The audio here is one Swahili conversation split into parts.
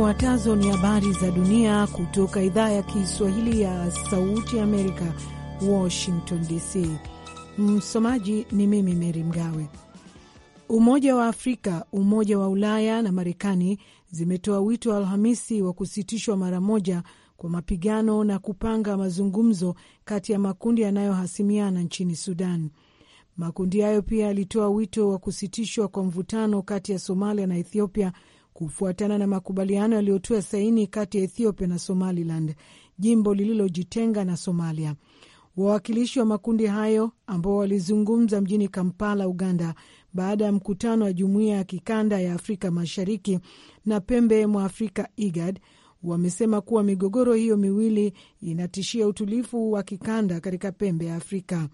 Zifuatazo ni habari za dunia kutoka idhaa ya Kiswahili ya Sauti ya Amerika, Washington DC. Msomaji ni mimi Meri Mgawe. Umoja wa Afrika, Umoja wa Ulaya na Marekani zimetoa wito Alhamisi wa kusitishwa mara moja kwa mapigano na kupanga mazungumzo kati ya makundi yanayohasimiana nchini Sudan. Makundi hayo pia yalitoa wito wa kusitishwa kwa mvutano kati ya Somalia na Ethiopia kufuatana na makubaliano yaliyotiwa saini kati ya Ethiopia na Somaliland, jimbo lililojitenga na Somalia. Wawakilishi wa makundi hayo ambao walizungumza mjini Kampala, Uganda, baada ya mkutano wa jumuiya ya kikanda ya Afrika Mashariki na pembe mwa Afrika, IGAD, wamesema kuwa migogoro hiyo miwili inatishia utulivu wa kikanda katika pembe ya Afrika.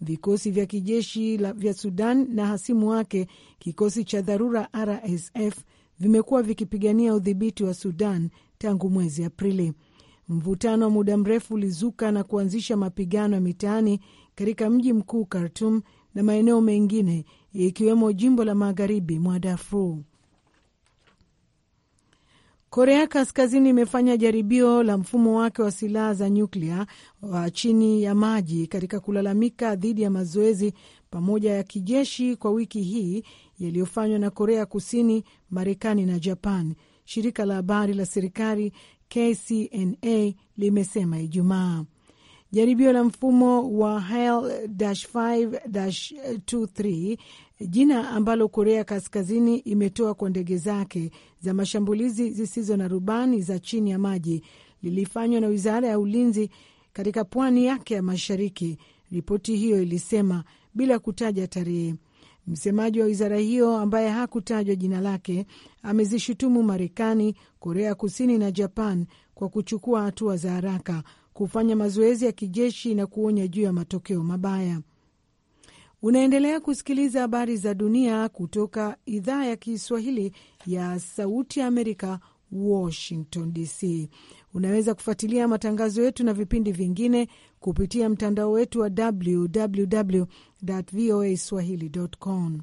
Vikosi vya kijeshi vya Sudan na hasimu wake kikosi cha dharura RSF vimekuwa vikipigania udhibiti wa Sudan tangu mwezi Aprili. Mvutano wa muda mrefu ulizuka na kuanzisha mapigano ya mitaani katika mji mkuu Khartum na maeneo mengine ikiwemo jimbo la magharibi mwa Darfur. Korea Kaskazini imefanya jaribio la mfumo wake wa silaha za nyuklia wa chini ya maji katika kulalamika dhidi ya mazoezi pamoja ya kijeshi kwa wiki hii yaliyofanywa na Korea Kusini, Marekani na Japan, shirika la habari la serikali KCNA limesema Ijumaa. Jaribio la mfumo wa HAL-5-23 jina ambalo Korea Kaskazini imetoa kwa ndege zake za mashambulizi zisizo na rubani za chini ya maji lilifanywa na wizara ya ulinzi katika pwani yake ya mashariki, ripoti hiyo ilisema bila kutaja tarehe. Msemaji wa wizara hiyo ambaye hakutajwa jina lake amezishutumu Marekani, Korea Kusini na Japan kwa kuchukua hatua za haraka kufanya mazoezi ya kijeshi na kuonya juu ya matokeo mabaya. Unaendelea kusikiliza habari za dunia kutoka idhaa ya Kiswahili ya Sauti ya Amerika, Washington DC. Unaweza kufuatilia matangazo yetu na vipindi vingine kupitia mtandao wetu wa www voa swahili.com.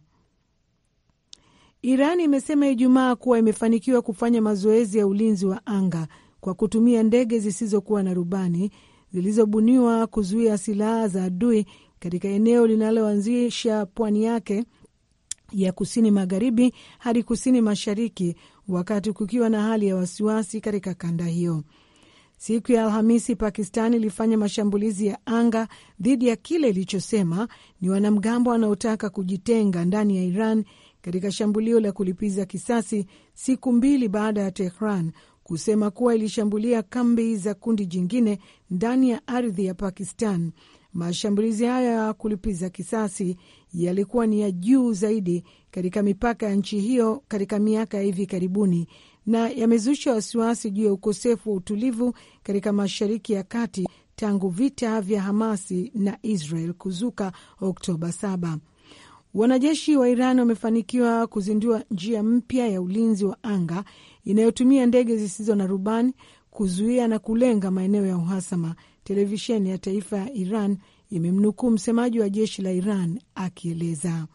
Iran imesema Ijumaa kuwa imefanikiwa kufanya mazoezi ya ulinzi wa anga kwa kutumia ndege zisizokuwa na rubani zilizobuniwa kuzuia silaha za adui katika eneo linaloanzisha pwani yake ya kusini magharibi hadi kusini mashariki, wakati kukiwa na hali ya wasiwasi katika kanda hiyo. Siku ya Alhamisi, Pakistan ilifanya mashambulizi ya anga dhidi ya kile ilichosema ni wanamgambo wanaotaka kujitenga ndani ya Iran katika shambulio la kulipiza kisasi, siku mbili baada ya Tehran kusema kuwa ilishambulia kambi za kundi jingine ndani ya ardhi ya Pakistan. Mashambulizi hayo ya kulipiza kisasi yalikuwa ni ya juu zaidi katika mipaka ya nchi hiyo katika miaka ya hivi karibuni na yamezusha wasiwasi juu ya ukosefu wa utulivu katika Mashariki ya Kati tangu vita vya Hamasi na Israel kuzuka Oktoba 7. Wanajeshi wa Iran wamefanikiwa kuzindua njia mpya ya ulinzi wa anga inayotumia ndege zisizo na rubani kuzuia na kulenga maeneo ya uhasama, televisheni ya taifa ya Iran imemnukuu msemaji wa jeshi la Iran akieleza.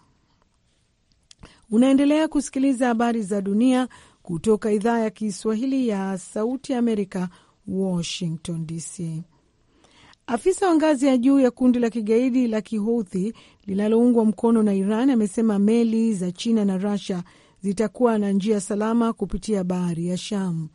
Unaendelea kusikiliza habari za dunia kutoka idhaa ya Kiswahili ya Sauti ya Amerika, Washington DC. Afisa wa ngazi ya juu ya kundi la kigaidi la Kihouthi linaloungwa mkono na Iran amesema meli za China na Rusia zitakuwa na njia salama kupitia bahari ya Sham.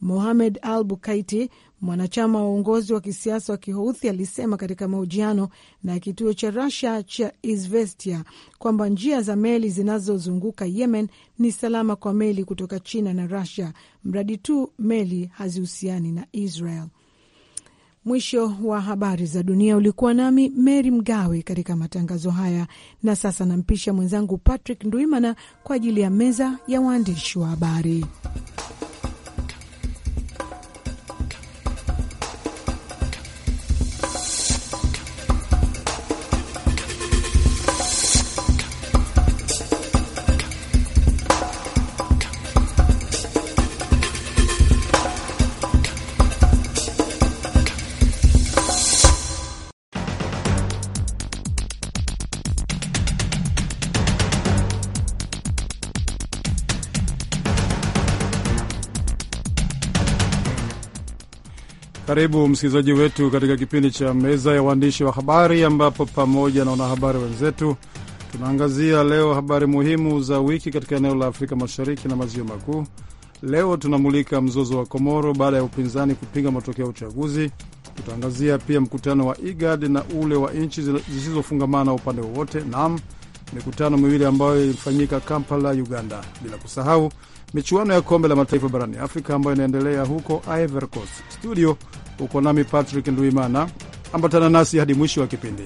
Mohamed Al Bukaiti, Mwanachama wa uongozi wa kisiasa wa Kihouthi alisema katika mahojiano na kituo cha Rusia cha Izvestia kwamba njia za meli zinazozunguka Yemen ni salama kwa meli kutoka China na rusia mradi tu meli hazihusiani na Israel. Mwisho wa habari za dunia. Ulikuwa nami Mary Mgawe katika matangazo haya, na sasa nampisha mwenzangu Patrick Ndwimana kwa ajili ya meza ya waandishi wa habari. Karibu msikilizaji wetu katika kipindi cha meza ya waandishi wa habari, ambapo pamoja na wanahabari wenzetu tunaangazia leo habari muhimu za wiki katika eneo la Afrika Mashariki na Maziwa Makuu. Leo tunamulika mzozo wa Komoro baada ya upinzani kupinga matokeo ya uchaguzi. Tutaangazia pia mkutano wa IGAD na ule wa nchi zisizofungamana upande wowote, nam mikutano miwili ambayo ilifanyika Kampala, Uganda, bila kusahau michuano ya kombe la mataifa barani Afrika ambayo inaendelea huko Ivory Coast. Studio Uko nami Patrick Nduimana, ambatana nasi hadi mwisho wa kipindi.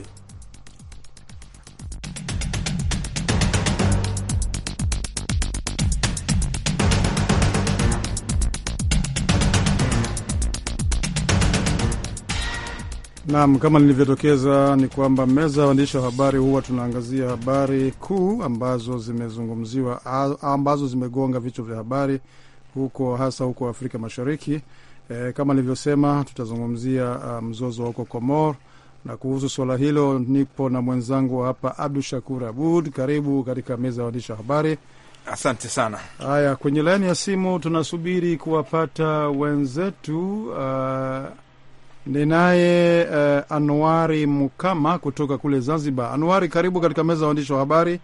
Naam, kama nilivyotokeza ni kwamba meza ya waandishi wa habari huwa tunaangazia habari kuu ambazo zimezungumziwa, ambazo zimegonga vichwa vya habari huko, hasa huko Afrika Mashariki. E, kama nilivyosema tutazungumzia uh, mzozo wa huko Komor, na kuhusu suala hilo nipo na mwenzangu hapa Abdu Shakur Abud. Karibu katika meza ya waandishi wa habari. Asante sana. Haya, kwenye laini ya simu tunasubiri kuwapata wenzetu. Uh, ninaye uh, Anuari Mukama kutoka kule Zanzibar. Anuari, karibu katika meza ya waandishi wa habari.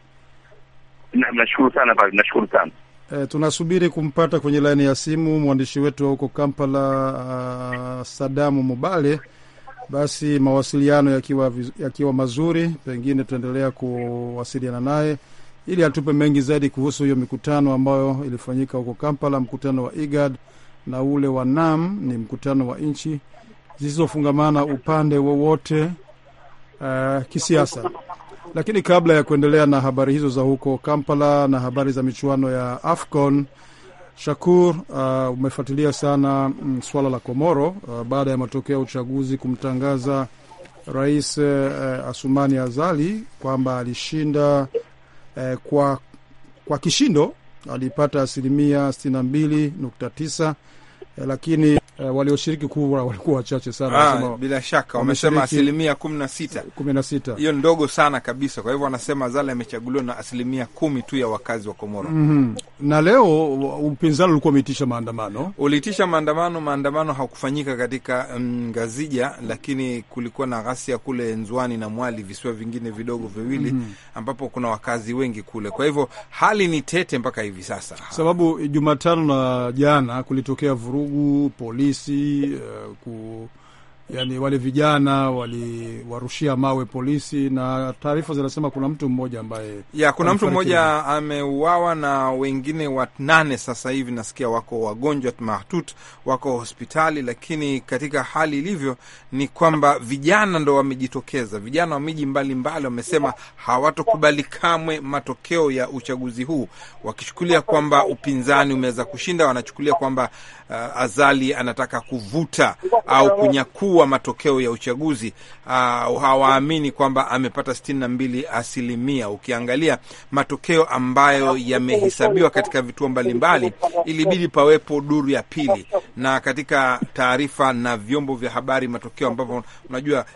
Nashukuru sana, nashukuru sana. E, tunasubiri kumpata kwenye laini ya simu mwandishi wetu wa huko Kampala, uh, ah, Sadamu Mubale. Basi mawasiliano yakiwa, yakiwa mazuri, pengine tutaendelea kuwasiliana naye ili atupe mengi zaidi kuhusu hiyo mikutano ambayo ilifanyika huko Kampala, mkutano wa IGAD na ule wa NAM. Ni mkutano wa nchi zisizofungamana upande wowote uh, kisiasa. Lakini kabla ya kuendelea na habari hizo za huko Kampala na habari za michuano ya AFCON, Shakur, uh, umefuatilia sana mm, swala la Komoro uh, baada ya matokeo ya uchaguzi kumtangaza Rais uh, uh Asumani Azali kwamba alishinda uh, kwa, kwa kishindo alipata asilimia 629 na uh, lakini Eh, walioshiriki kura walikuwa wachache sana. Aa, ah, bila shaka wamesema asilimia kumi na sita kumi na sita hiyo ndogo sana kabisa. Kwa hivyo wanasema Zala amechaguliwa na asilimia kumi tu ya wakazi wa Komoro. mm -hmm. Na leo upinzani ulikuwa umeitisha maandamano, uliitisha maandamano. Maandamano hakufanyika katika mm, Ngazija, lakini kulikuwa na ghasia kule Nzwani na Mwali, visiwa vingine vidogo viwili mm -hmm. ambapo kuna wakazi wengi kule. Kwa hivyo hali ni tete mpaka hivi sasa, sababu Jumatano na jana kulitokea vurugu polisi polisi ku yani wale vijana waliwarushia mawe polisi, na taarifa zinasema kuna mtu mmoja ambaye ya kuna mtu mmoja ameuawa na wengine wanane sasa hivi nasikia wako wagonjwa mahtut wako hospitali. Lakini katika hali ilivyo ni kwamba vijana ndo wamejitokeza, vijana wa miji mbalimbali wamesema hawatokubali kamwe matokeo ya uchaguzi huu, wakichukulia kwamba upinzani umeweza kushinda. Wanachukulia kwamba uh, Azali anataka kuvuta au kunyakua kuwa matokeo ya uchaguzi uh, hawaamini kwamba amepata sitini na mbili asilimia. Ukiangalia matokeo ambayo yamehesabiwa katika vituo mbalimbali, ilibidi pawepo duru ya pili, na katika taarifa na vyombo vya habari matokeo ambapo unajua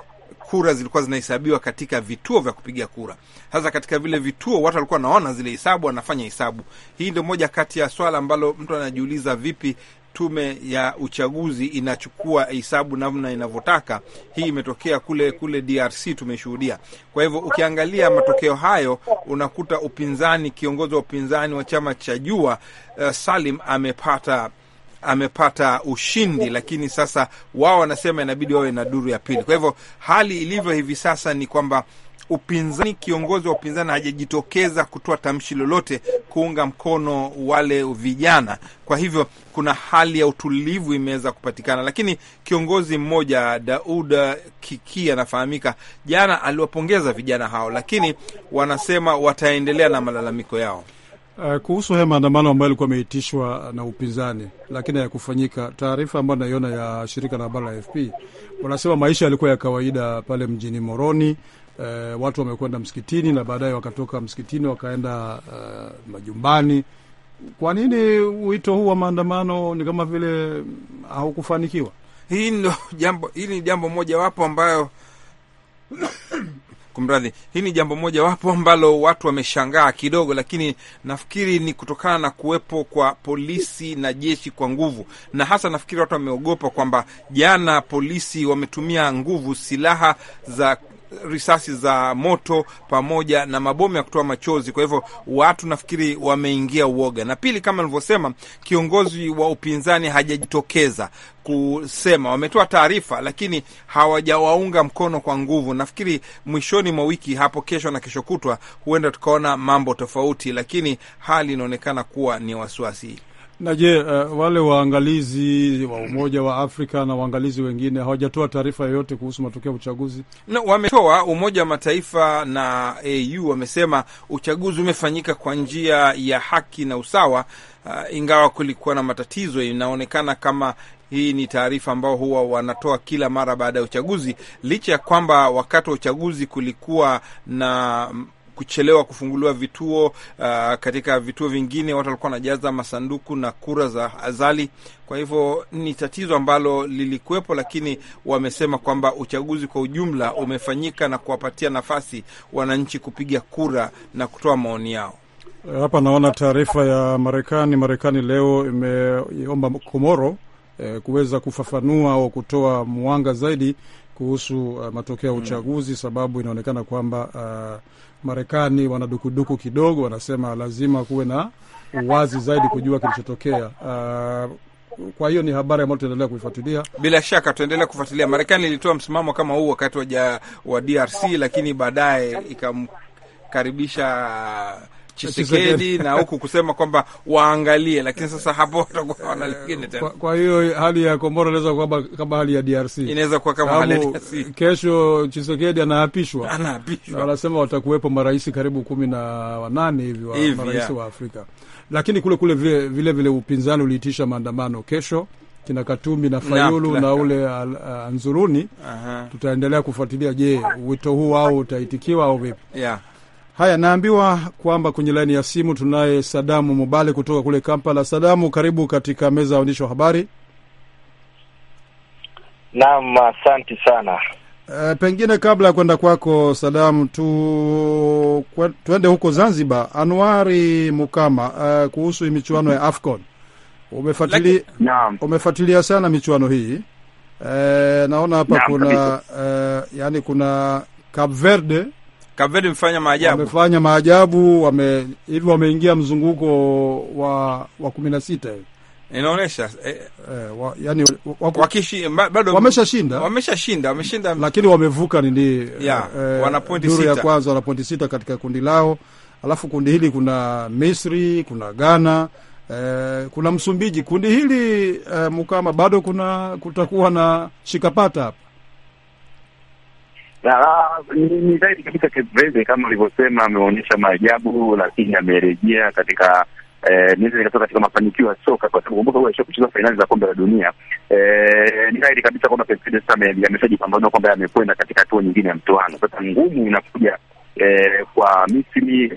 kura zilikuwa zinahesabiwa katika vituo vya kupiga kura. Sasa katika vile vituo watu walikuwa wanaona zile hesabu, wanafanya hesabu. Hii ndio moja kati ya swala ambalo mtu anajiuliza, vipi tume ya uchaguzi inachukua hesabu namna inavyotaka? Hii imetokea kule kule DRC, tumeshuhudia. Kwa hivyo ukiangalia matokeo hayo unakuta upinzani, kiongozi wa upinzani wa chama cha Jua uh, Salim amepata amepata ushindi, lakini sasa wao wanasema inabidi wawe na duru ya pili. Kwa hivyo hali ilivyo hivi sasa ni kwamba upinzani, kiongozi wa upinzani hajajitokeza kutoa tamshi lolote kuunga mkono wale vijana. Kwa hivyo kuna hali ya utulivu imeweza kupatikana, lakini kiongozi mmoja Daud Kiki anafahamika, jana aliwapongeza vijana hao, lakini wanasema wataendelea na malalamiko yao. Uh, kuhusu haya maandamano ambayo yalikuwa ameitishwa na upinzani lakini hayakufanyika, taarifa ambayo naiona ya shirika la habari la fp wanasema maisha yalikuwa ya kawaida pale mjini Moroni. Uh, watu wamekwenda msikitini na baadaye wakatoka msikitini wakaenda uh, majumbani. Kwa nini wito huu wa maandamano ni kama vile haukufanikiwa? Hii ndo jambo, hili ni jambo mojawapo ambayo Kumradhi, hii ni jambo moja wapo ambalo watu wameshangaa kidogo, lakini nafikiri ni kutokana na kuwepo kwa polisi na jeshi kwa nguvu, na hasa nafikiri watu wameogopa kwamba jana polisi wametumia nguvu, silaha za risasi za moto pamoja na mabomu ya kutoa machozi. Kwa hivyo watu nafikiri wameingia uoga, na pili, kama nilivyosema, kiongozi wa upinzani hajajitokeza kusema. Wametoa taarifa, lakini hawajawaunga mkono kwa nguvu. Nafikiri mwishoni mwa wiki hapo, kesho na kesho kutwa, huenda tukaona mambo tofauti, lakini hali inaonekana kuwa ni wasiwasi. Na je, uh, wale waangalizi wa Umoja wa Afrika na waangalizi wengine hawajatoa taarifa yoyote kuhusu matokeo ya uchaguzi? No, wametoa. Umoja wa Mataifa na AU wamesema uchaguzi umefanyika kwa njia ya haki na usawa. Uh, ingawa kulikuwa na matatizo, inaonekana kama hii ni taarifa ambao huwa wanatoa kila mara baada ya uchaguzi, licha ya kwamba wakati wa uchaguzi kulikuwa na kuchelewa kufunguliwa vituo. Uh, katika vituo vingine watu walikuwa wanajaza masanduku na kura za azali. Kwa hivyo ni tatizo ambalo lilikuwepo, lakini wamesema kwamba uchaguzi kwa ujumla umefanyika na kuwapatia nafasi wananchi kupiga kura na kutoa maoni yao. Hapa naona taarifa ya Marekani. Marekani leo imeomba Komoro eh, kuweza kufafanua au kutoa mwanga zaidi kuhusu uh, matokeo ya uchaguzi, sababu inaonekana kwamba uh, Marekani wanadukuduku kidogo, wanasema lazima kuwe na uwazi zaidi kujua kilichotokea uh, kwa hiyo ni habari ambayo tutaendelea kuifuatilia. Bila shaka tutaendelea kufuatilia. Marekani ilitoa msimamo kama huu wakati wa DRC, lakini baadaye ikamkaribisha Chisekedi na huku kusema kwamba waangalie, lakini sasa hapo watakuwa wana lingine tena. Kwa hiyo hali ya Komoro inaweza kuwa kama hali ya DRC, inaweza kuwa kama hali ya DRC. Kesho Chisekedi anaapishwa, anaapishwa, wanasema watakuwepo marais karibu kumi na wanane hivi wa marais wa Afrika, lakini kule kule vile vile, vile upinzani uliitisha maandamano kesho kina Katumbi na Fayulu na, na ule uh, Anzuruni. Tutaendelea kufuatilia, je, wito huu wao utaitikiwa au vipi? yeah. Haya, naambiwa kwamba kwenye laini ya simu tunaye Sadamu Mubale kutoka kule Kampala. Sadamu, karibu katika meza ya waandishi wa habari. Naam, asante sana. E, pengine kabla ya kwenda kwako Sadamu tu, tuende huko Zanzibar. Anuari Mukama, e, kuhusu michuano ya AFCON umefuatili, umefuatilia sana michuano hii e, naona hapa kuna e, yani kuna Cape Verde Kapverde mfanya maajabu, wamefanya maajabu, wame hivi wameingia mzunguko wa wa kumi na sita hivi inaonesha eh, eh, wa, yani, wakishi bado wameshashinda wameshashinda wameshinda, lakini wamevuka nini yeah, eh, wana pointi sita ya kwanza, wana pointi sita katika kundi lao. Alafu kundi hili kuna Misri, kuna Ghana eh, kuna Msumbiji. Kundi hili eh, mukama bado kuna kutakuwa na shikapata hapo ni zaidi kabisa. Keveze kama ulivyosema, ameonyesha maajabu, lakini amerejea katika eh, niweze nikasema katika mafanikio ya soka kwa sababu kumbuka, huyu kucheza fainali za kombe la dunia. Eh, ni dhahiri kabisa kwamba ameshajipambanua kwamba amekwenda katika hatua nyingine ya mtoano. Sasa ngumu inakuja eh, kwa Misri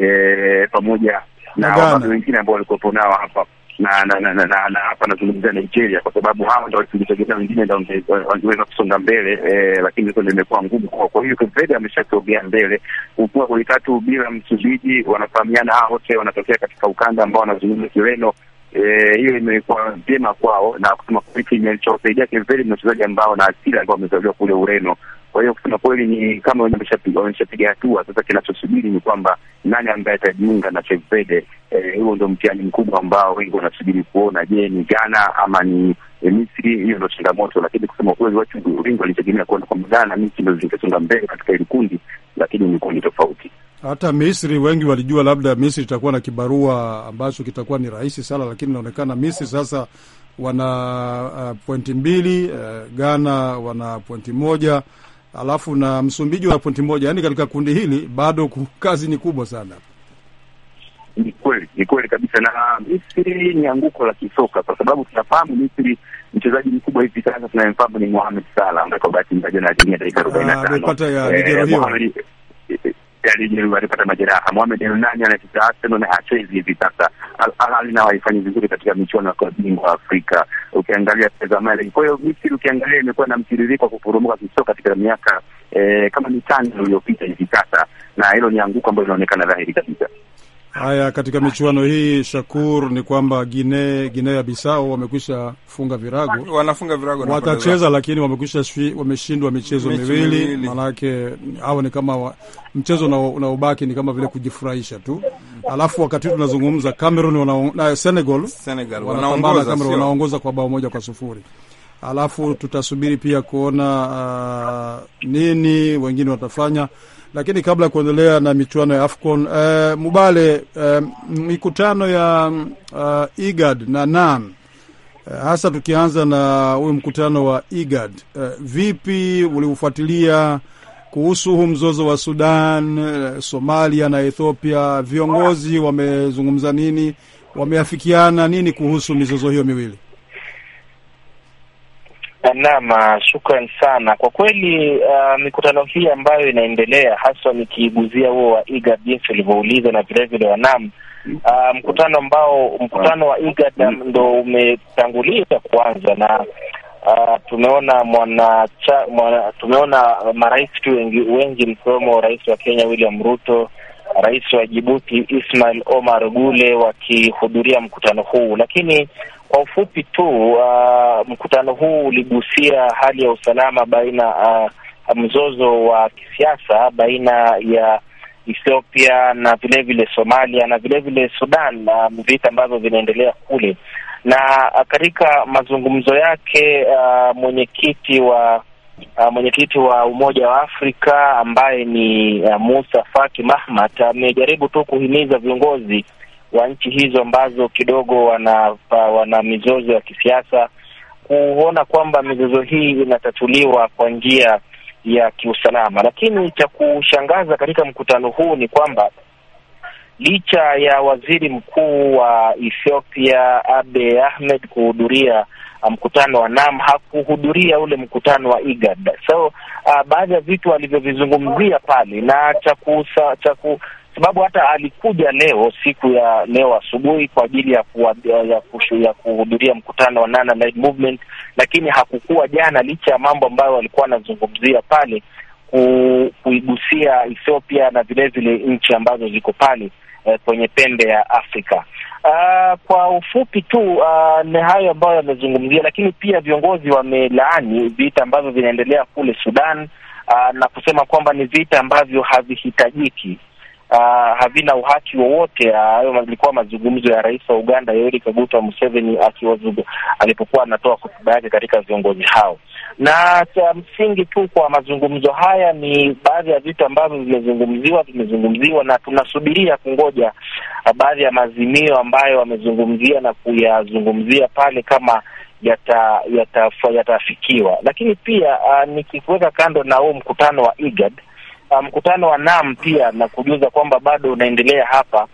pamoja na watu wengine ambao walikuwepo nao hapa na na na, na, na hapa nazungumzia Nigeria kwa sababu hawa ndio wakitegemea wengine ndio wangeweza kusonga mbele eh, lakini hizo limekuwa ngumu kwao. Kwa hiyo Cape ameshasogea mbele ukua kwa tatu bila Msumbiji, wanafahamiana hao wote wanatokea katika ukanda ambao wanazungumza Kireno. Eh, hiyo imekuwa vyema kwao na kusema kweli kimechosaidia Cape Verde na wachezaji ambao na asili ambao wamezaliwa kule Ureno kwa hiyo kusema kweli ni kama wameshapiga hatua. Sasa kinachosubiri ni kwamba nani ambaye atajiunga na Chevede. Eh, huo ndo mtihani mkubwa ambao wengi wanasubiri kuona. Je, ni Ghana ama ni eh, Misri? Hiyo ndo changamoto, lakini kusema kweli watu wengi walitegemea kuona kwamba Ghana, Misri ndo zingesonga mbele katika hili kundi, lakini ni kundi tofauti. Hata Misri wengi walijua labda Misri itakuwa na kibarua ambacho kitakuwa ni rahisi sana, lakini inaonekana Misri sasa wana uh, pointi mbili uh, Ghana wana pointi moja alafu na Msumbiji wana pointi moja. Yani katika kundi hili bado kazi ni kubwa sana. Ni kweli, ni kweli kabisa. Na Misri ni anguko la kisoka, kwa sababu tunafahamu Misri mchezaji mkubwa hivi sasa tunayemfahamu ni Mohamed Salah ambaye kwa bahati mbaya jana alitumia dakika arobaini na tano ah, amepata eh, alijeruhiwa, alipata majeraha. Mohamed El anacheza Arsenal na hachezi hivi sasa. Al Ahly nao haifanyi vizuri katika michuano ya klabu bingwa Afrika, ukiangalia Teza Mali. Kwa hiyo Misri ukiangalia imekuwa na mtiririko wa kuporomoka kisoka katika miaka eh, kama mitano iliyopita hivi sasa, na hilo ni anguko ambalo linaonekana dhahiri kabisa. Haya, katika michuano hii Shakur, ni kwamba Guinea Guinea ya wamekwisha funga virago, wanafunga virago watacheza, lakini wamekwisha wameshindwa michezo miwili, manake hao ni kama wa, mchezo unaobaki ni kama vile kujifurahisha tu. Alafu wakati tunazungumza Cameroon wana, na Senegal, Senegal wanaongoza wanaongoza kwa bao moja kwa sufuri. Alafu tutasubiri pia kuona uh, nini wengine watafanya lakini kabla ya kuendelea na michuano ya AFCON uh, Mubale uh, mikutano ya uh, IGAD na NAM uh, hasa tukianza na huyu mkutano wa IGAD uh, vipi uliufuatilia kuhusu huu mzozo wa Sudan, Somalia na Ethiopia? Viongozi wamezungumza nini? Wameafikiana nini kuhusu mizozo hiyo miwili? Naam, shukran sana kwa kweli. Uh, mikutano hii ambayo inaendelea haswa nikiiguzia huo wa IGAD jinsi ulivyoulizwa na vilevile wa NAM Uh, mkutano ambao mkutano wa IGAD mm. ndo umetangulia kuanza na uh, tumeona mwanacha, mwana tumeona marais tu wengi, wengi mkiwemo rais wa Kenya William Ruto rais wa Jibuti Ismail Omar Gule wakihudhuria mkutano huu, lakini kwa ufupi tu uh, mkutano huu uligusia hali ya usalama baina uh, mzozo wa kisiasa baina ya Ethiopia na vile vile Somalia na vile vile Sudan na um, vita ambavyo vinaendelea kule. Na uh, katika mazungumzo yake uh, mwenyekiti wa uh, mwenyekiti wa Umoja wa Afrika ambaye ni uh, Musa Faki Mahamat amejaribu tu kuhimiza viongozi wa nchi hizo ambazo kidogo wana wana mizozo ya kisiasa kuona kwamba mizozo hii inatatuliwa kwa njia ya kiusalama. Lakini cha kushangaza katika mkutano huu ni kwamba licha ya waziri mkuu wa Ethiopia Abe Ahmed kuhudhuria uh, mkutano wa NAM hakuhudhuria ule mkutano wa IGAD. So uh, baadhi ya vitu alivyovizungumzia pale na cha ku sababu hata alikuja leo siku ya leo asubuhi kwa ajili ya ya kuhudhuria mkutano wa Nana Night Movement, lakini hakukuwa jana, licha ya mambo ambayo alikuwa anazungumzia pale ku, kuigusia Ethiopia na vilevile nchi ambazo ziko pale Eh, kwenye pembe ya Afrika. Uh, kwa ufupi tu uh, ni hayo ambayo yamezungumzia, lakini pia viongozi wamelaani vita ambavyo vinaendelea kule Sudan uh, na kusema kwamba ni vita ambavyo havihitajiki uh, havina uhaki wowote. Ah, hayo ilikuwa mazungumzo ya rais wa Uganda Yoweri Kaguta Museveni alipokuwa anatoa hotuba yake katika viongozi hao, na cha msingi tu kwa mazungumzo haya ni baadhi ya vitu ambavyo vimezungumziwa vimezungumziwa, na tunasubiria kungoja ah, baadhi ya maazimio ambayo wamezungumzia na kuyazungumzia pale kama yatafikiwa yata, yata, lakini pia uh, nikiweka kando na huo mkutano wa IGAD Ah, mkutano wa NAM pia na kujuza kwamba bado unaendelea hapa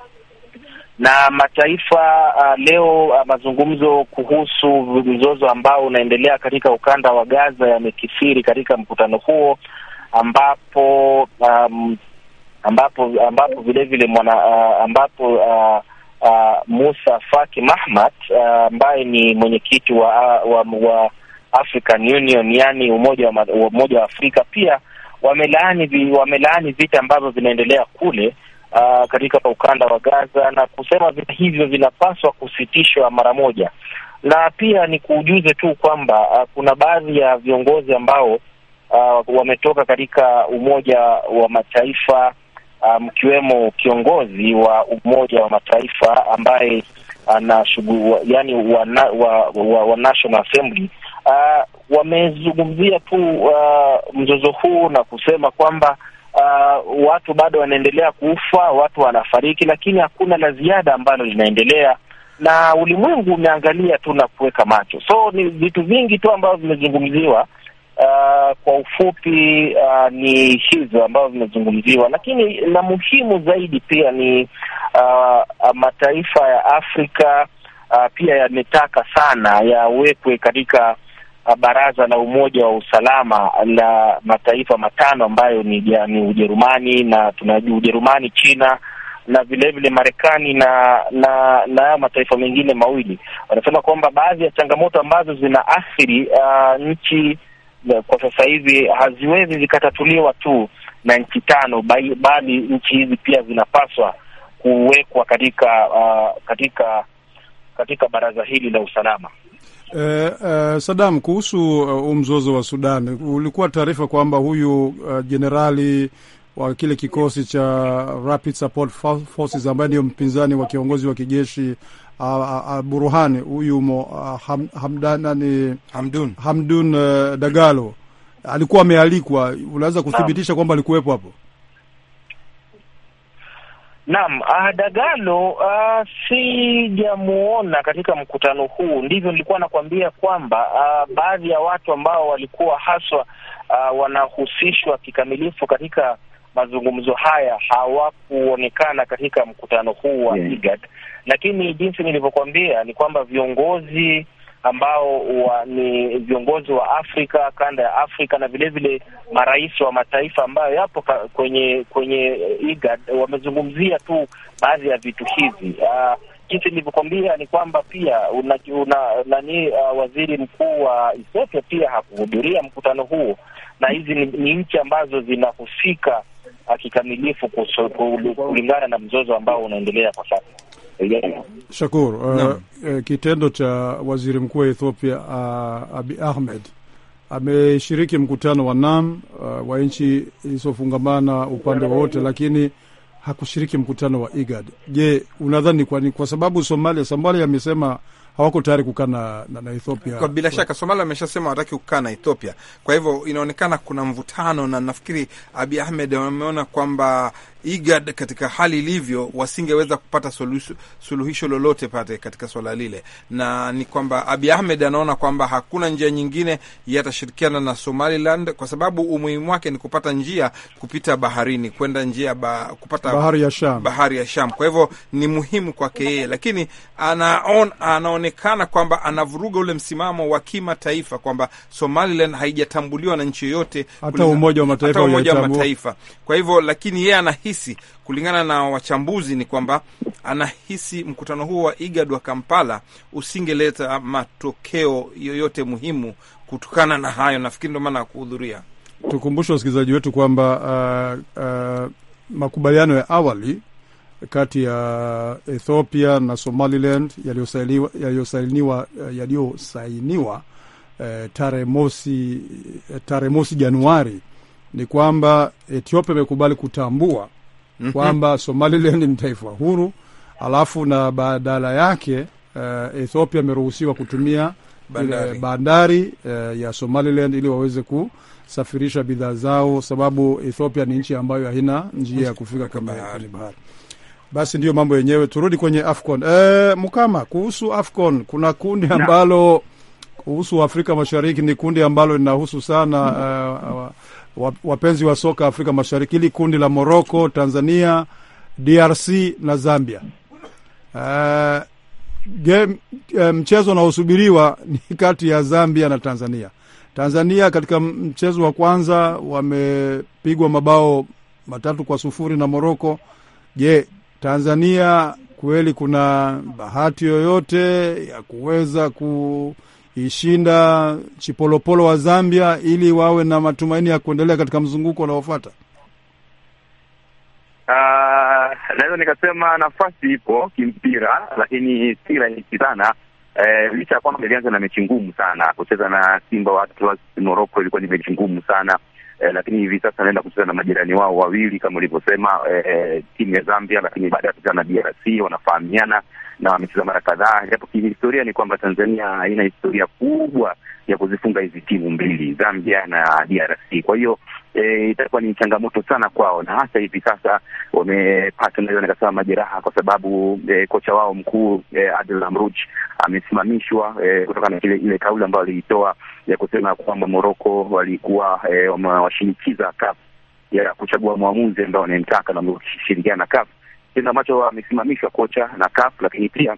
na mataifa uh, leo uh, mazungumzo kuhusu mzozo ambao unaendelea katika ukanda wa Gaza yamekithiri katika mkutano huo ambapo um, ambapo ambapo vilevile mwana uh, ambapo uh, uh, Musa Faki Mahamat ambaye uh, ni mwenyekiti wa, wa, wa African Union yani umoja wa, umoja wa Afrika pia wamelaani wamelaani vita ambavyo vinaendelea kule uh, katika ukanda wa Gaza na kusema vita hivyo vinapaswa kusitishwa mara moja. Na pia ni kuujuze tu kwamba uh, kuna baadhi ya viongozi ambao uh, wametoka katika Umoja wa Mataifa uh, mkiwemo um, kiongozi wa Umoja wa Mataifa ambaye anashugu, yani wa, wa, wa, wa National Assembly uh, wamezungumzia tu uh, mzozo huu na kusema kwamba uh, watu bado wanaendelea kufa, watu wanafariki, lakini hakuna la ziada ambalo linaendelea na ulimwengu umeangalia tu na kuweka macho. So ni vitu vingi tu ambavyo vimezungumziwa. Uh, kwa ufupi uh, ni hizo ambavyo vimezungumziwa lakini la muhimu zaidi pia ni uh, mataifa ya Afrika uh, pia yametaka sana yawekwe katika baraza la Umoja wa Usalama la mataifa matano ambayo ni, ni Ujerumani na tunajua Ujerumani, China na vile vile Marekani na na na mataifa mengine mawili, wanasema kwamba baadhi ya changamoto ambazo zinaathiri uh, nchi kwa sasa hivi haziwezi zikatatuliwa tu na nchi tano, bali nchi hizi pia zinapaswa kuwekwa katika uh, katika katika baraza hili la usalama. Eh, eh, Sadam, kuhusu uh, mzozo wa Sudan, ulikuwa taarifa kwamba huyu eh, jenerali uh, wa kile kikosi cha Rapid Support Forces ambaye ndiyo mpinzani wa kiongozi wa kijeshi uh, uh, Buruhani huyu uh, ham, Hamdun, Hamdun uh, Dagalo alikuwa amealikwa. Unaweza kuthibitisha kwamba alikuwepo hapo? Naam, Dagalo uh, ah, sijamuona katika mkutano huu. Ndivyo nilikuwa nakuambia kwamba uh, baadhi ya watu ambao walikuwa haswa uh, wanahusishwa kikamilifu katika mazungumzo haya hawakuonekana katika mkutano huu wa IGAD, lakini jinsi nilivyokuambia ni kwamba viongozi ambao wa, ni viongozi wa Afrika, kanda ya Afrika na vilevile marais wa mataifa ambayo yapo ka, kwenye kwenye eh, IGAD wamezungumzia tu baadhi ya vitu hivi. Uh, jinsi nilivyokwambia ni kwamba pia una, una, nani uh, waziri mkuu wa Ethiopia pia hakuhudhuria mkutano huo, na hizi ni, ni nchi ambazo zinahusika ah, kikamilifu kulingana na mzozo ambao unaendelea kwa sasa vijana. Shakur, uh, uh, kitendo cha waziri mkuu wa Ethiopia uh, Abi Ahmed ameshiriki mkutano wa NAM uh, wa nchi zilizofungamana upande wowote, lakini hakushiriki mkutano wa IGAD. Je, unadhani kwani kwa sababu Somalia Somalia amesema hawako tayari kukaa na, na, na Ethiopia kwa bila shaka Somalia ameshasema hawataki kukaa na Ethiopia. Kwa hivyo inaonekana kuna mvutano, na nafikiri Abi Ahmed ameona kwamba IGAD katika hali ilivyo, wasingeweza kupata suluhisho lolote pate katika swala lile, na ni kwamba Abi Ahmed anaona kwamba hakuna njia nyingine yatashirikiana na Somaliland kwa sababu umuhimu wake ni kupata njia kupita baharini kwenda njia ba, kupata bahari ya Sham, bahari ya Sham. Kwa hivyo ni muhimu kwake yeye, lakini anaon, anaonekana kwamba anavuruga ule msimamo wa kimataifa kwamba Somaliland haijatambuliwa na nchi yoyote, hata Umoja wa Mataifa, hata Umoja wa Mataifa. Kwa hivyo lakini yeye ana anahisi, kulingana na wachambuzi, ni kwamba anahisi mkutano huo wa IGAD wa Kampala usingeleta matokeo yoyote muhimu kutokana na hayo. Nafikiri ndio maana ya kuhudhuria. Tukumbushe wasikilizaji wetu kwamba uh, uh, makubaliano ya awali kati ya Ethiopia na Somaliland yaliyosainiwa yaliyosainiwa uh, uh, tarehe mosi, uh, tarehe mosi Januari ni kwamba Ethiopia imekubali kutambua mm -hmm. kwamba Somaliland ni taifa huru, alafu na badala yake uh, Ethiopia ameruhusiwa kutumia eh, bandari, bandari uh, ya Somaliland ili waweze ku safirisha bidhaa zao, sababu Ethiopia ni nchi ambayo haina njia ya kufika kwenye bahari. Basi ndiyo mambo yenyewe. Turudi kwenye AFCON. E, Mukama, kuhusu AFCON kuna kundi ambalo kuhusu Afrika Mashariki ni kundi ambalo linahusu sana mm -hmm. uh, wapenzi wa soka Afrika Mashariki, ili kundi la moroko Tanzania, DRC na Zambia. Uh, game, eh, mchezo unaosubiriwa ni kati ya Zambia na Tanzania. Tanzania katika mchezo wa kwanza wamepigwa mabao matatu kwa sufuri na Moroko. Je, Tanzania kweli kuna bahati yoyote ya kuweza ku ishinda Chipolopolo wa Zambia ili wawe na matumaini ya kuendelea katika mzunguko unaofuata? Uh, naweza nikasema nafasi ipo kimpira, lakini si rahisi sana eh, licha ya kwamba ilianza na mechi ngumu sana. Kucheza na Simba wa Atlas Morocco ilikuwa ni mechi ngumu sana eh, lakini hivi sasa anaenda kucheza na majirani wao wawili kama ulivyosema, eh, timu ya Zambia, lakini baada ya kucheza na DRC wanafahamiana na wamecheza mara kadhaa, japo kihistoria ni kwamba Tanzania haina historia kubwa ya kuzifunga hizi timu mbili Zambia na DRC. Kwa hiyo e, itakuwa ni changamoto sana kwao, na hasa hivi sasa wamepata naweza nikasema majeraha, kwa sababu e, kocha wao mkuu e, Adel amesimamishwa e, kutokana na ile kauli ambayo aliitoa ya kusema kwamba Moroko walikuwa e, wamewashinikiza CAF ya kuchagua mwamuzi ambao wanayemtaka na kushirikiana na CAF kitendo ambacho amesimamishwa kocha na CAF, lakini pia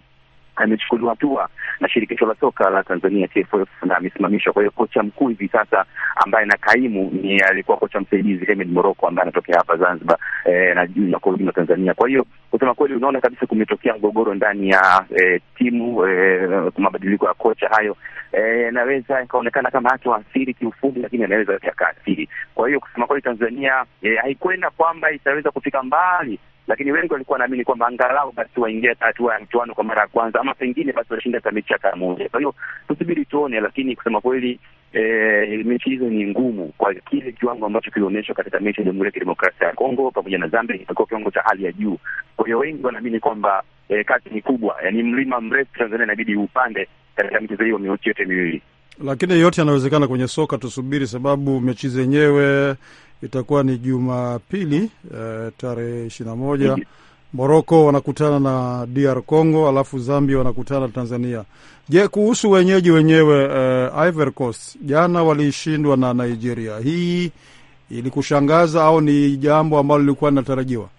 amechukuliwa hatua na shirikisho la soka la Tanzania TFF na amesimamishwa. Kwa hiyo kocha mkuu hivi sasa ambaye na kaimu ni alikuwa kocha msaidizi Hemed Moroko ambaye anatokea hapa Zanzibar eh, na juu ya kolima Tanzania. Kwa hiyo kusema kweli, unaona kabisa kumetokea mgogoro ndani ya eh, timu eh, mabadiliko ya kocha hayo eh, yanaweza eh, ikaonekana kama haki waathiri kiufundi, lakini anaweza pia yakaathiri. Kwa hiyo kusema kweli, Tanzania eh, haikwenda kwamba itaweza kufika mbali lakini wengi walikuwa naamini kwamba angalau basi waingie hatua ya mchuano kwa mara ya kwanza, ama pengine basi washinda hata mechi ya moja. Kwa hiyo tusubiri tuone, lakini kusema kweli eh, mechi hizo ni ngumu kwa kile kiwango ambacho kilionyeshwa katika mechi ya Jamhuri ya Kidemokrasia ya Kongo pamoja na Zambia, kimekuwa kiwango cha hali ya juu. Kwa hiyo wengi wanaamini kwamba eh, kazi ni kubwa, yaani mlima mrefu Tanzania inabidi upande katika michezo hiyo miochi yote miwili, lakini yote yanawezekana kwenye soka. Tusubiri sababu mechi zenyewe itakuwa ni Jumapili uh, tarehe ishirini na moja Moroko wanakutana na DR Congo, alafu Zambia wanakutana na Tanzania. Je, kuhusu wenyeji wenyewe uh, Ivory Coast jana walishindwa na Nigeria. Hii ilikushangaza au ni jambo ambalo lilikuwa linatarajiwa?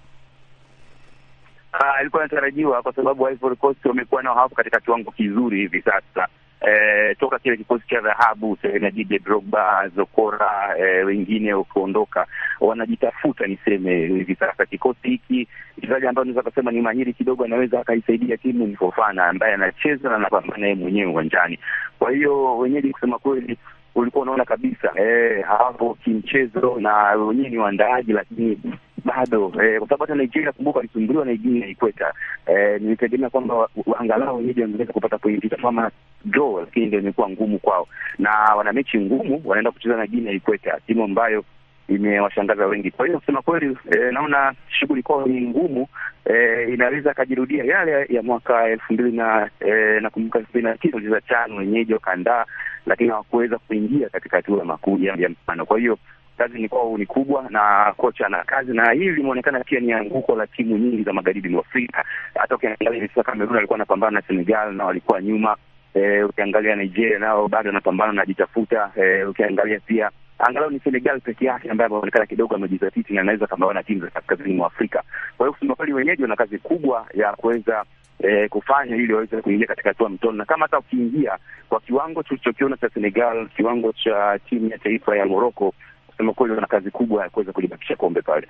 Ah, ilikuwa inatarajiwa kwa sababu Ivory Coast wamekuwa nao hapo katika kiwango kizuri hivi sasa eh, toka kile kikosi cha dhahabu Serenadide Drogba, Zokora eh, wengine ukiondoka wanajitafuta niseme hivi sasa. Kikosi hiki mchezaji ambaye unaweza kusema ni mahiri kidogo, anaweza akaisaidia timu ni Fofana ambaye anacheza na anapambana yeye mwenyewe uwanjani. Kwa hiyo wenyeji, kusema kweli ulikuwa unaona kabisa eh, hapo kimchezo na wenyewe ni waandaaji, lakini bado eh, kwa sababu hata Nigeria kumbuka alisumbuliwa na Guinea ya Ikweta. Eh, nilitegemea kwamba angalau wenyeji wangeweza kupata pointi kama draw, lakini ndio imekuwa ngumu kwao, na wana mechi ngumu, wanaenda kucheza na Guinea ya Ikweta, timu ambayo imewashangaza wengi. Kwa hiyo kusema kweli, eh, naona shughuli kwao ni ngumu eh, inaweza akajirudia yale ya mwaka elfu mbili na eh, nakumbuka elfu mbili na tisa walicheza chano wenyeji wakaandaa, lakini hawakuweza kuingia katika hatua ya makuu ya mpano. Kwa hiyo kazi ni kwao ni kubwa, na kocha ana kazi, na hili limeonekana pia ni anguko la timu nyingi za magharibi mwa Afrika. Hata ukiangalia hivi sasa, Kamerun alikuwa anapambana na Senegal na walikuwa nyuma. E, ukiangalia Nigeria nao bado anapambana na jitafuta. E, ukiangalia pia angalau ni Senegal peke yake ambaye ameonekana kidogo amejizatiti na anaweza kambana timu za kaskazini mwa Afrika. Kwa hiyo kusema kweli, wenyeji wana kazi kubwa ya kuweza E, kufanya ili waweze kuingia katika hatua mtoni, na kama hata ukiingia kwa kiwango tulichokiona cha Senegal, kiwango cha timu ya taifa ya Morocco, kusema kweli wana kazi kubwa ya kuweza kujibakisha kombe pale.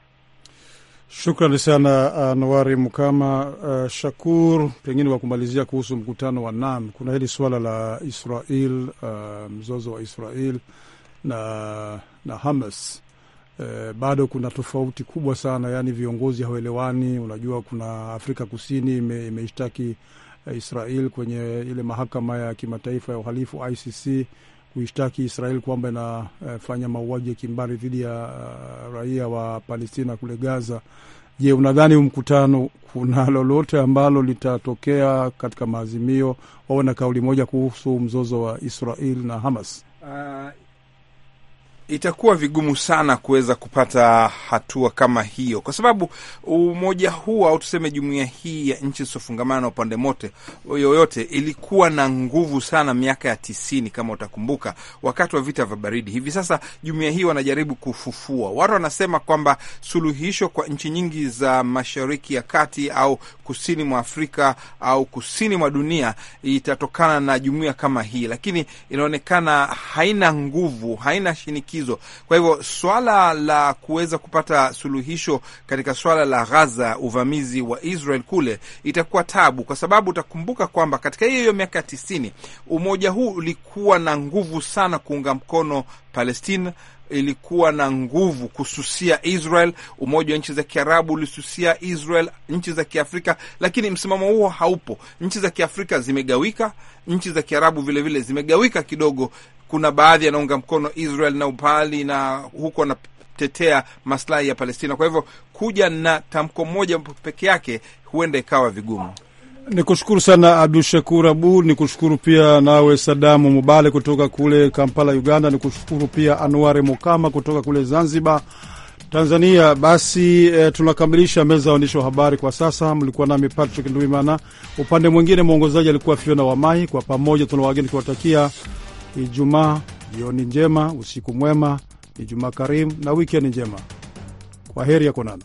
Shukrani sana uh, nawari Mkama. Uh, Shakur, pengine kwa kumalizia kuhusu mkutano wa NAM, kuna hili suala la Israel, uh, mzozo wa Israel na, na Hamas. Uh, bado kuna tofauti kubwa sana, yaani viongozi hawaelewani. Unajua, kuna Afrika Kusini imeishtaki ime uh, Israel kwenye ile mahakama ya kimataifa ya uhalifu ICC kuishtaki Israel kwamba inafanya eh, mauaji ya kimbari dhidi ya eh, raia wa Palestina kule Gaza. Je, unadhani huu mkutano kuna lolote ambalo litatokea katika maazimio wawe na kauli moja kuhusu mzozo wa Israel na Hamas? Uh, itakuwa vigumu sana kuweza kupata hatua kama hiyo, kwa sababu umoja huu au tuseme jumuiya hii ya nchi zisizofungamana na upande mote yoyote ilikuwa na nguvu sana miaka ya tisini, kama utakumbuka, wakati wa vita vya baridi. Hivi sasa jumuiya hii wanajaribu kufufua. Watu wanasema kwamba suluhisho kwa nchi nyingi za mashariki ya kati au kusini mwa Afrika au kusini mwa dunia itatokana na jumuiya kama hii, lakini inaonekana haina nguvu, haina shiniki shinikizo. Kwa hivyo swala la kuweza kupata suluhisho katika swala la Gaza, uvamizi wa Israel kule itakuwa tabu, kwa sababu utakumbuka kwamba katika hiyo hiyo miaka ya tisini umoja huu ulikuwa na nguvu sana kuunga mkono Palestina ilikuwa na nguvu kususia Israel. Umoja wa nchi za Kiarabu ulisusia Israel, nchi za Kiafrika, lakini msimamo huo haupo. Nchi za Kiafrika zimegawika, nchi za Kiarabu vilevile zimegawika kidogo kuna baadhi yanaunga mkono Israel na upali na huku wanatetea maslahi ya Palestina. Kwa hivyo kuja na tamko moja peke yake huenda ikawa vigumu. Ni kushukuru sana Abdu Shakur Abu, ni kushukuru pia nawe Sadamu Mubale kutoka kule Kampala, Uganda, ni kushukuru pia Anuare Mukama kutoka kule Zanzibar, Tanzania. Basi eh, tunakamilisha meza ya waandishi wa habari kwa sasa. Mlikuwa nami Patrick Nduimana, upande mwingine mwongozaji alikuwa Fiona Wamai. Kwa pamoja tuna wageni kuwatakia Ijumaa. Jioni njema, usiku mwema, Ijumaa karimu na wikendi njema. Kwa heri ya kuonana.